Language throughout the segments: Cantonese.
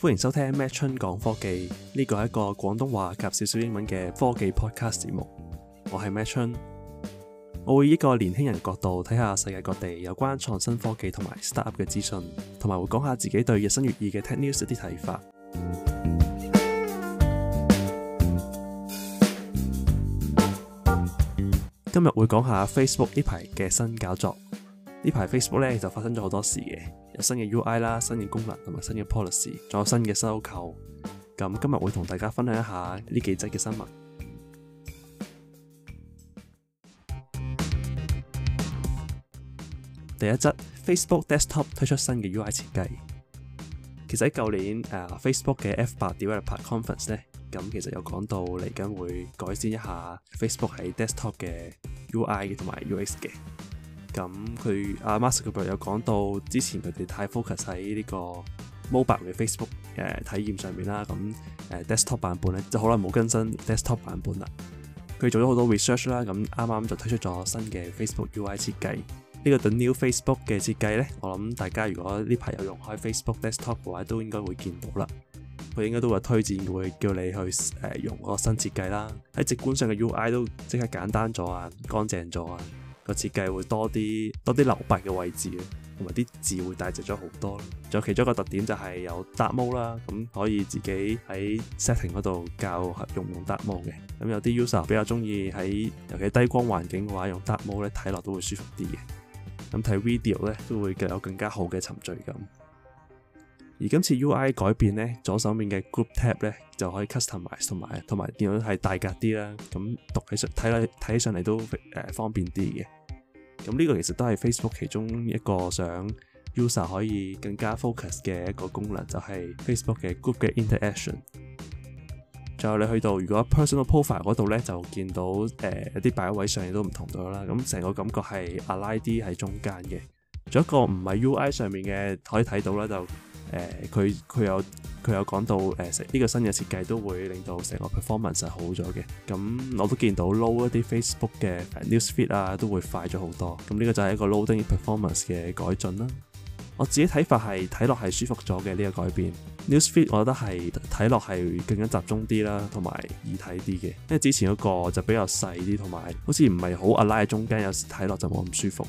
歡迎收聽麥春講科技，呢、這個係一個廣東話及少少英文嘅科技 podcast 節目。我係麥春，我會以一個年輕人角度睇下世界各地有關創新科技同埋 startup 嘅資訊，同埋會講下自己對日新月異嘅 tech news 一啲睇法。嗯、今日會講下 Facebook 呢排嘅新搞作。排呢排 Facebook 咧就發生咗好多事嘅。新嘅 UI 啦，新嘅功能同埋新嘅 policy，仲有新嘅收購。咁今日會同大家分享一下呢幾則嘅新聞。第一則，Facebook Desktop 推出新嘅 UI 設計。其實喺舊年誒、uh, Facebook 嘅 F8 Developers Conference 咧，咁其實有講到嚟緊會改善一下 Facebook 喺 Desktop 嘅 UI 同埋 UX 嘅。咁佢阿 Mark Zuckerberg 有講到，之前佢哋太 focus 喺呢個 mobile 嘅 Facebook 誒體驗上面啦，咁誒、啊、desktop 版本咧就好耐冇更新 desktop 版本啦。佢做咗好多 research 啦，咁啱啱就推出咗新嘅 Facebook UI 設計。呢、這個 The new Facebook 嘅設計咧，我諗大家如果呢排有用開 Facebook desktop 嘅話，都應該會見到啦。佢應該都會推薦會叫你去誒、啊、用嗰個新設計啦。喺直觀上嘅 UI 都即刻簡單咗啊，乾淨咗啊！個設計會多啲多啲留白嘅位置，同埋啲字會大隻咗好多。仲有其中一個特點就係有 Dark Mode 啦，咁可以自己喺 setting 嗰度教用用 Dark Mode 嘅。咁有啲 user 比較中意喺尤其低光環境嘅話，用 Dark Mode 咧睇落都會舒服啲嘅。咁睇 video 咧都會有更加好嘅沉醉感。而今次 UI 改變咧，左手面嘅 Group Tab 咧就可以 customize 同埋同埋變咗係大格啲啦。咁讀起上睇睇起上嚟都誒、呃、方便啲嘅。咁呢個其實都係 Facebook 其中一個想 user 可以更加 focus 嘅一個功能，就係、是、Facebook 嘅 group 嘅 interaction。最後你去到如果 personal profile 嗰度呢，就見到誒一啲擺位上亦都唔同咗啦。咁成個感覺係 align 啲喺中間嘅，仲有一個唔係 UI 上面嘅可以睇到啦，就。誒佢佢有佢有講到誒呢、呃這個新嘅設計都會令到成個 performance 係好咗嘅，咁我都見到 load 一啲 Facebook 嘅 news feed 啊都會快咗好多，咁呢個就係一個 loading performance 嘅改進啦。我自己睇法係睇落係舒服咗嘅呢個改變，news feed 我覺得係睇落係更加集中啲啦，同埋易睇啲嘅，因為之前嗰個就比較細啲同埋好似唔係好 align 喺中間，有時睇落就冇咁舒服。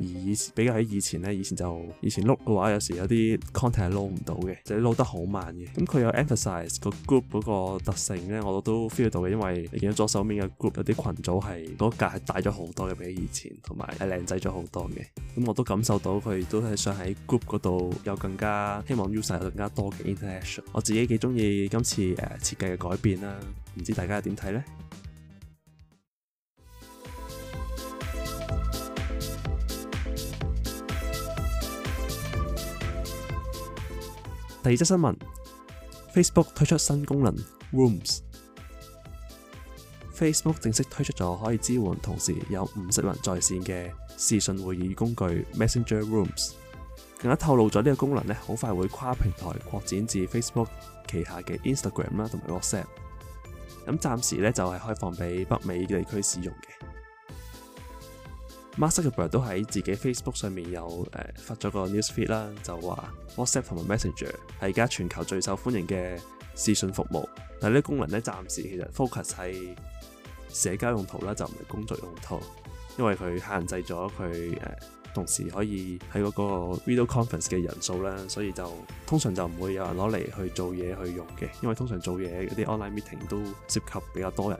而比較喺以前呢，以前就以前碌嘅話，有時有啲 content 係攞唔到嘅，就係、是、攞得好慢嘅。咁、嗯、佢有 emphasize 個 group 嗰個特性呢，我都 feel 到嘅，因為見左手面嘅 group 有啲群組係嗰、那個、格係大咗好多嘅，比起以前同埋係靚仔咗好多嘅。咁、嗯、我都感受到佢都係想喺 group 嗰度有更加希望 user 有更加多嘅 interaction。我自己幾中意今次誒、呃、設計嘅改變啦、啊，唔知大家點睇呢？第二則新聞，Facebook 推出新功能 Rooms。Facebook 正式推出咗可以支援同時有五十人在線嘅視訊會議工具 Messenger Rooms，更加透露咗呢個功能咧，好快會跨平台擴展至 Facebook 旗下嘅 Instagram 啦同埋 WhatsApp。咁暫時咧就係開放俾北美地區使用嘅。Mark Zuckerberg 都喺自己 Facebook 上面有誒、呃、發咗個 news feed 啦，就話 WhatsApp 同埋 Messenger 係而家全球最受歡迎嘅視訊服務。但係呢啲功能咧，暫時其實 focus 係社交用途啦，就唔係工作用途，因為佢限制咗佢誒同時可以喺嗰個 video conference 嘅人數啦，所以就通常就唔會有人攞嚟去做嘢去用嘅，因為通常做嘢嗰啲 online meeting 都涉及比較多人。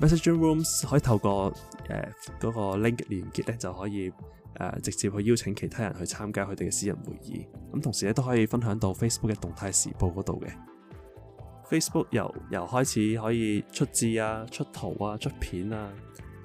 Messaging rooms 可以透過誒嗰、呃嗰個 link 連結咧，就可以誒、呃、直接去邀請其他人去參加佢哋嘅私人會議。咁同時咧都可以分享到 Facebook 嘅動態時報嗰度嘅。Facebook 由由開始可以出字啊、出圖啊、出片啊。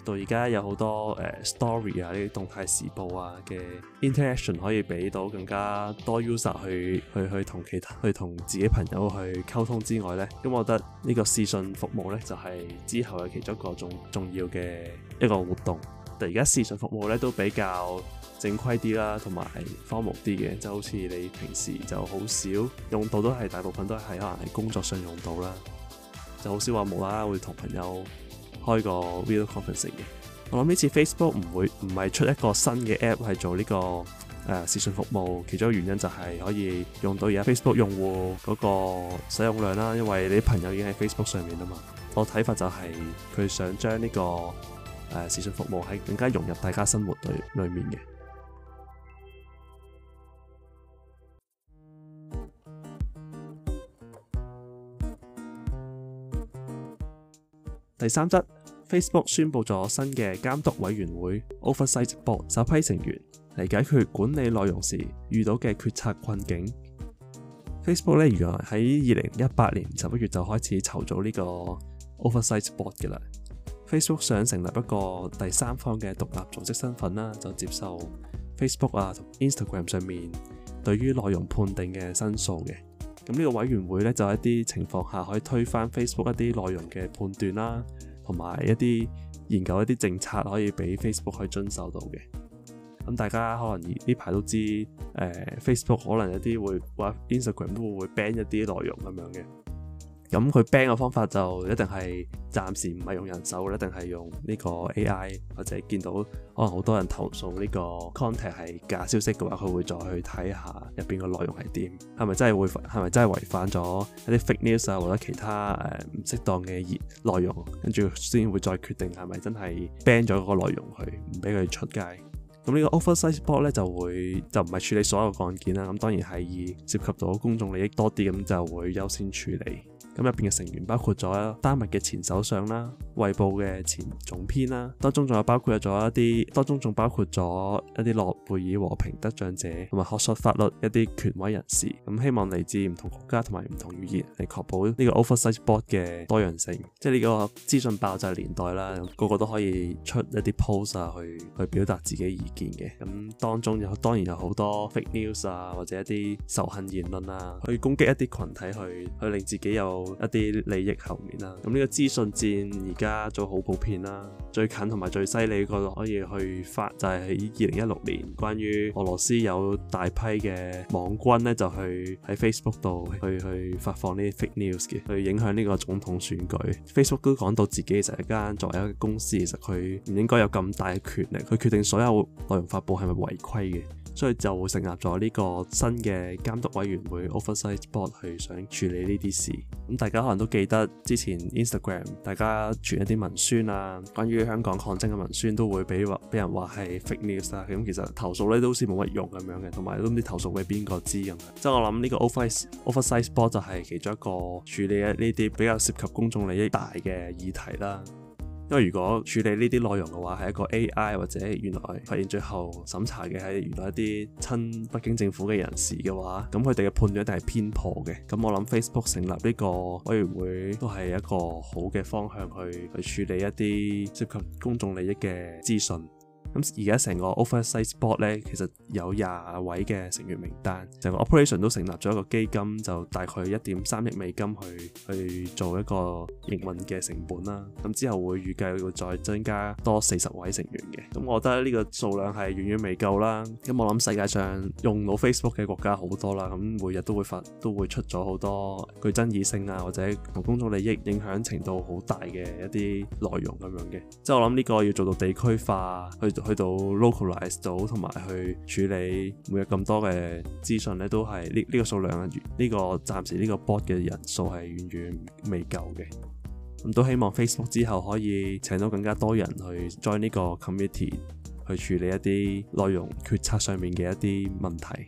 到而家有好多誒、uh, story 啊，呢啲動態時報啊嘅 interaction 可以俾到更加多 user 去去去同其他去同自己朋友去溝通之外呢。咁、嗯、我覺得呢個視訊服務呢，就係、是、之後嘅其中一個重重要嘅一個活動。但而家視訊服務呢，都比較正規啲啦，同埋 formal 啲嘅，就是、好似你平時就好少用到都，都係大部分都係可能係工作上用到啦，就好少話無啦啦會同朋友。開個 video conference 嘅，我諗呢次 Facebook 唔會唔係出一個新嘅 app 係做呢個誒視訊服務，其中一個原因就係可以用到而家 Facebook 用戶嗰個使用量啦，因為你啲朋友已經喺 Facebook 上面啦嘛。我睇法就係佢想將呢個誒視訊服務係更加融入大家生活對裡面嘅。第三則。Facebook 宣布咗新嘅監督委員會 oversight board 首批成員嚟解決管理內容時遇到嘅決策困境。Facebook 咧，原來喺二零一八年十一月就開始籌組呢個 oversight board 嘅啦。Facebook 想成立一個第三方嘅獨立組織身份啦，就接受 Facebook 啊同 Instagram 上面對於內容判定嘅申訴嘅。咁呢個委員會咧，就喺一啲情況下可以推翻 Facebook 一啲內容嘅判斷啦。同埋一啲研究一啲政策可以俾 Facebook 可以遵守到嘅，咁大家可能呢排都知，誒、呃、Facebook 可能有啲會或者 Instagram 都會 ban 一啲內容咁樣嘅。咁佢 ban 嘅方法就一定係暫時唔係用人手，一定係用呢個 A.I. 或者見到可能好多人投訴呢個 content 係假消息嘅話，佢會再去睇下入邊個內容係點，係咪真係會係咪真係違反咗一啲 fake news 啊，或者其他誒唔適當嘅熱內容，跟住先會再決定係咪真係 ban 咗嗰個內容去唔俾佢出街。咁呢個 Oversight Board 咧就會就唔係處理所有案件啦。咁當然係以涉及到公眾利益多啲，咁就會優先處理。咁入邊嘅成員包括咗丹麥嘅前首相啦、啊、衛報嘅前總編啦、啊，當中仲有包括咗一啲，當中仲包括咗一啲諾貝爾和平得獎者同埋學術法律一啲權威人士。咁希望嚟自唔同國家同埋唔同語言，嚟確保呢個 Oversight Board 嘅多樣性。即係呢個資訊爆炸年代啦，個個都可以出一啲 post、啊、去去表達自己意見嘅。咁當中有當然有好多 fake news 啊，或者一啲仇恨言論啊，去攻擊一啲群體去，去去令自己有。一啲利益後面啦，咁呢個資訊戰而家就好普遍啦。最近同埋最犀利嗰個可以去發就係喺二零一六年，關於俄羅斯有大批嘅網軍咧，就去喺 Facebook 度去去發放呢啲 fake news 嘅，去影響呢個總統選舉。Facebook 都講到自己就係一間作為一個公司，其實佢唔應該有咁大嘅權力去決定所有內容發布係咪違規嘅。所以就成立咗呢個新嘅監督委員會 oversight board 去想處理呢啲事。咁大家可能都記得之前 Instagram 大家傳一啲文宣啊，關於香港抗爭嘅文宣都會俾話俾人話係 fake news 啊。咁其實投訴咧都好似冇乜用咁樣嘅，同埋都唔知投訴俾邊個知咁樣。即係我諗呢個 oversight oversight board 就係其中一個處理呢啲比較涉及公眾利益大嘅議題啦。因為如果處理呢啲內容嘅話，係一個 AI 或者原來發現最後審查嘅係原來一啲親北京政府嘅人士嘅話，咁佢哋嘅判斷一定係偏頗嘅。咁我諗 Facebook 成立呢個委員會都係一個好嘅方向去去處理一啲涉及公眾利益嘅資訊。咁而家成個 Oversight Board 咧，其實有廿位嘅成員名單，成個 operation 都成立咗一個基金，就大概一點三億美金去去做一個營運嘅成本啦。咁之後會預計會再增加多四十位成員嘅。咁、嗯、我覺得呢個數量係遠遠未夠啦。咁、嗯、我諗世界上用到 Facebook 嘅國家好多啦，咁、嗯、每日都會發都會出咗好多具爭議性啊，或者同公眾利益影響程度好大嘅一啲內容咁樣嘅。即、嗯、係我諗呢個要做到地區化去。去到 localize 到同埋去處理每日咁多嘅資訊咧，都係呢呢個數量啊，呢、這個暫時呢個 board 嘅人數係遠遠未夠嘅。咁、嗯、都希望 Facebook 之後可以請到更加多人去 join 呢個 committee 去處理一啲內容決策上面嘅一啲問題。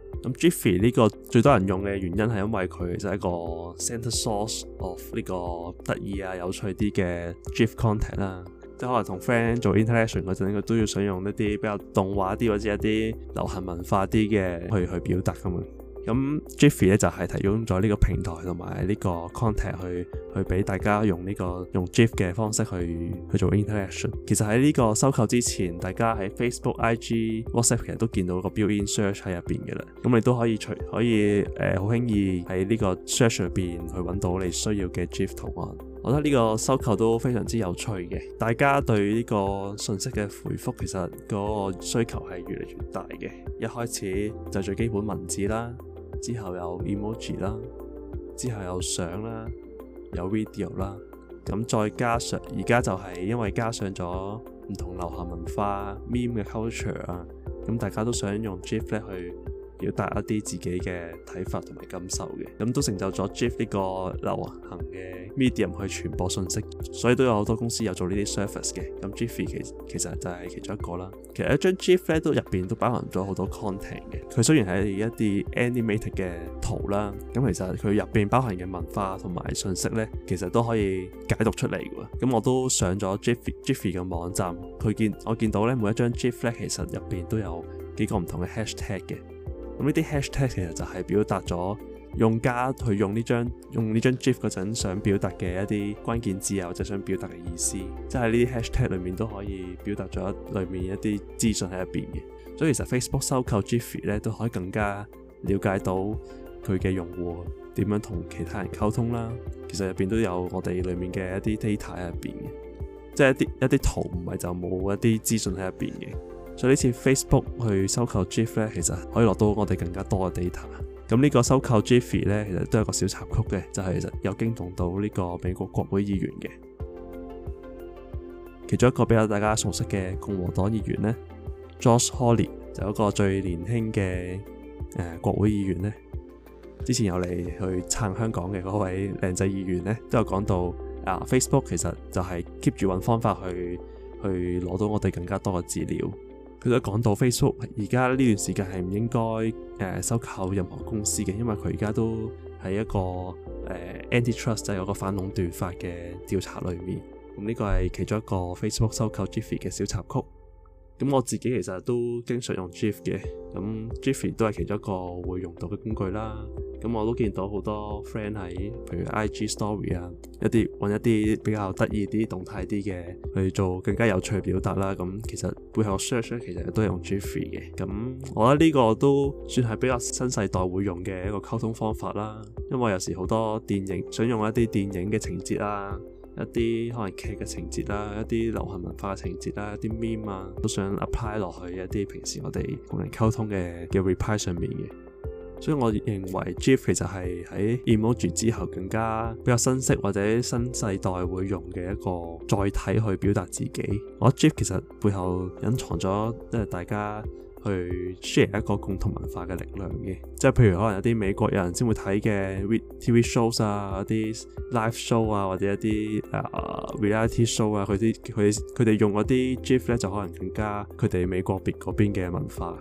咁 Giphy 呢個最多人用嘅原因係因為佢就係一個 center source of 呢個得意啊有趣啲、啊、嘅 GIF content 啦、啊，即係可能同 friend 做 interaction 嗰陣，佢都要想用一啲比較動畫啲或者一啲流行文化啲嘅去去表達㗎嘛。咁 Giphy 咧就係、是、提供咗呢個平台同埋呢個 contact 去去俾大家用呢、這個用 GIF 嘅方式去去做 interaction。其實喺呢個收購之前，大家喺 Facebook、IG、WhatsApp 其實都見到個 built-in search 喺入邊嘅啦。咁你都可以隨可以誒好輕易喺呢個 search 入邊去揾到你需要嘅 GIF 圖案。我覺得呢個收購都非常之有趣嘅。大家對呢個信息嘅回覆其實嗰個需求係越嚟越大嘅。一開始就最基本文字啦。之後有 emoji 啦，之後有相啦，有 video 啦，咁再加上而家就係因為加上咗唔同流行文化、meme 嘅 culture 啊，咁大家都想用 gif 咧去。表達一啲自己嘅睇法同埋感受嘅，咁都成就咗 GIF 呢個流行嘅 medium 去傳播信息，所以都有好多公司有做呢啲 service 嘅。咁 Giphy 其實其實就係其中一個啦。其實一張 GIF 咧都入邊都包含咗好多 content 嘅。佢雖然係一啲 animated 嘅圖啦，咁其實佢入邊包含嘅文化同埋信息咧，其實都可以解讀出嚟㗎。咁我都上咗 Giphy Giphy 嘅網站，佢見我見到咧，每一張 GIF 咧其實入邊都有幾個唔同嘅 hashtag 嘅。咁呢啲 hashtag 其實就係表達咗用家去用呢張用呢張 GIPHY 嗰陣想表達嘅一啲關鍵字，又或者想表達嘅意思，即係呢啲 hashtag 裏面都可以表達咗裏面一啲資訊喺入邊嘅。所以其實 Facebook 收購 GIPHY 咧，都可以更加了解到佢嘅用戶點樣同其他人溝通啦。其實入邊都有我哋裏面嘅一啲 data 喺入邊嘅，即係一啲一啲圖唔係就冇一啲資訊喺入邊嘅。所以呢次 Facebook 去收購 Giphy 咧，其實可以攞到我哋更加多嘅 data。咁呢個收購 Giphy 咧，其實都有個小插曲嘅，就係、是、其實有驚動到呢個美國國會議員嘅。其中一個比較大家熟悉嘅共和黨議員咧，Josh Hawley 就有一個最年輕嘅誒國會議員咧。之前有嚟去撐香港嘅嗰位靚仔議員咧，都有講到啊 Facebook 其實就係 keep 住揾方法去去攞到我哋更加多嘅資料。佢都講到 Facebook 而家呢段時間係唔應該誒、呃、收購任何公司嘅，因為佢而家都喺一個誒、呃、anti-trust，就係有個反壟斷法嘅調查裏面。咁、嗯、呢、這個係其中一個 Facebook 收購 Giphy 嘅小插曲。咁、嗯、我自己其實都經常用 GIF 嘅，咁、嗯、Giphy 都係其中一個會用到嘅工具啦。咁我都見到好多 friend 喺，譬如 IG Story 啊，一啲揾一啲比較得意啲、動態啲嘅，去做更加有趣嘅表達啦。咁其實背後 search 其實都係用 GIPHY 嘅。咁我覺得呢個都算係比較新世代會用嘅一個溝通方法啦。因為有時好多電影想用一啲電影嘅情節啦，一啲可能劇嘅情節啦，一啲流行文化嘅情節啦，一啲 meme 啊，都想 apply 落去一啲平時我哋同人溝通嘅嘅 reply 上面嘅。所以，我認為 GIF 其實係喺 emoji 之後更加比較新式或者新世代會用嘅一個載體去表達自己。我覺得 GIF 其實背後隱藏咗，即係大家去 share 一個共同文化嘅力量嘅。即係譬如可能有啲美國人先會睇嘅 TV shows 啊、一啲 live show 啊或者一啲啊、uh, reality show 啊，佢啲佢佢哋用嗰啲 GIF 咧就可能更加佢哋美國別嗰邊嘅文化。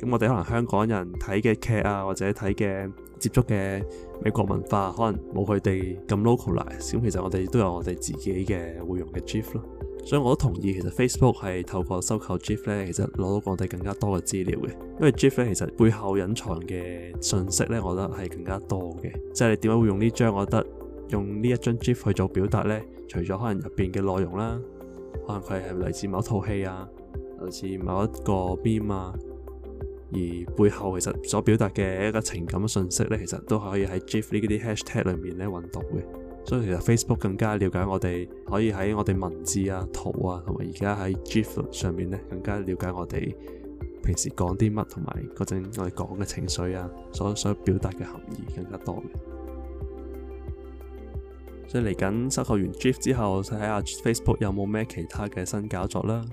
咁我哋可能香港人睇嘅劇啊，或者睇嘅接觸嘅美國文化，可能冇佢哋咁 localize 咁，其實我哋都有我哋自己嘅會用嘅 GIF 咯。所以我都同意，其實 Facebook 係透過收購 GIF 咧，其實攞到我哋更加多嘅資料嘅。因為 GIF 咧，其實背後隱藏嘅信息咧，我覺得係更加多嘅。即係你點解會用呢張？我覺得用呢一張 GIF 去做表達咧，除咗可能入邊嘅內容啦，可能佢係嚟自某一套戲啊，嚟似某一，某一個編啊。而背後其實所表達嘅一個情感信息咧，其實都可以喺 GIF 呢啲 hashtag 裏面咧揾到嘅。所以其實 Facebook 更加了解我哋，可以喺我哋文字啊、圖啊，同埋而家喺 GIF 上面咧，更加了解我哋平時講啲乜，同埋嗰陣我哋講嘅情緒啊，所所表達嘅含義更加多嘅。所以嚟緊收購完 GIF 之後，睇下 Facebook 有冇咩其他嘅新搞作啦。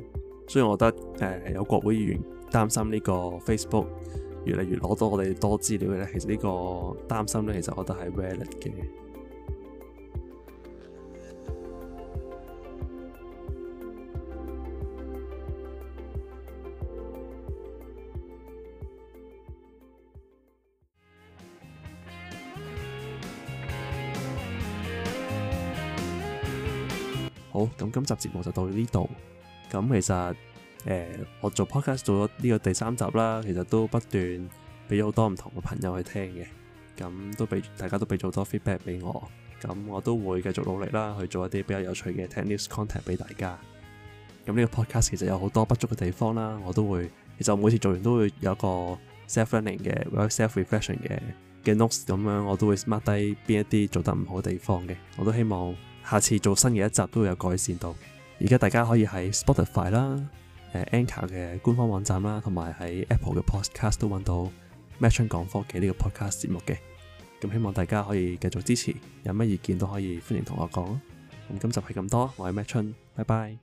所以我覺得誒、呃、有國會議員。擔心，越越擔心呢個 Facebook 越嚟越攞到我哋多資料嘅咧，其實呢個擔心咧，其實我覺得係 valid 嘅。 好，咁今集節目就到呢度。咁其實。誒、欸，我做 podcast 做咗呢個第三集啦，其實都不斷俾咗好多唔同嘅朋友去聽嘅，咁都俾大家都俾咗好多 feedback 俾我，咁我都會繼續努力啦，去做一啲比較有趣嘅 tech news content 俾大家。咁呢個 podcast 其實有好多不足嘅地方啦，我都會其實我每次做完都會有一個 self learning 嘅或者 self reflection 嘅嘅 notes 咁樣，我都會 mark 低邊一啲做得唔好嘅地方嘅。我都希望下次做新嘅一集都會有改善到。而家大家可以喺 Spotify 啦。Anchor 嘅官方網站啦，同埋喺 Apple 嘅 Podcast 都揾到 m a t 麥春講科技呢個 Podcast 節目嘅，咁希望大家可以繼續支持，有咩意見都可以歡迎同我講。咁今集係咁多，我係麥春，拜拜。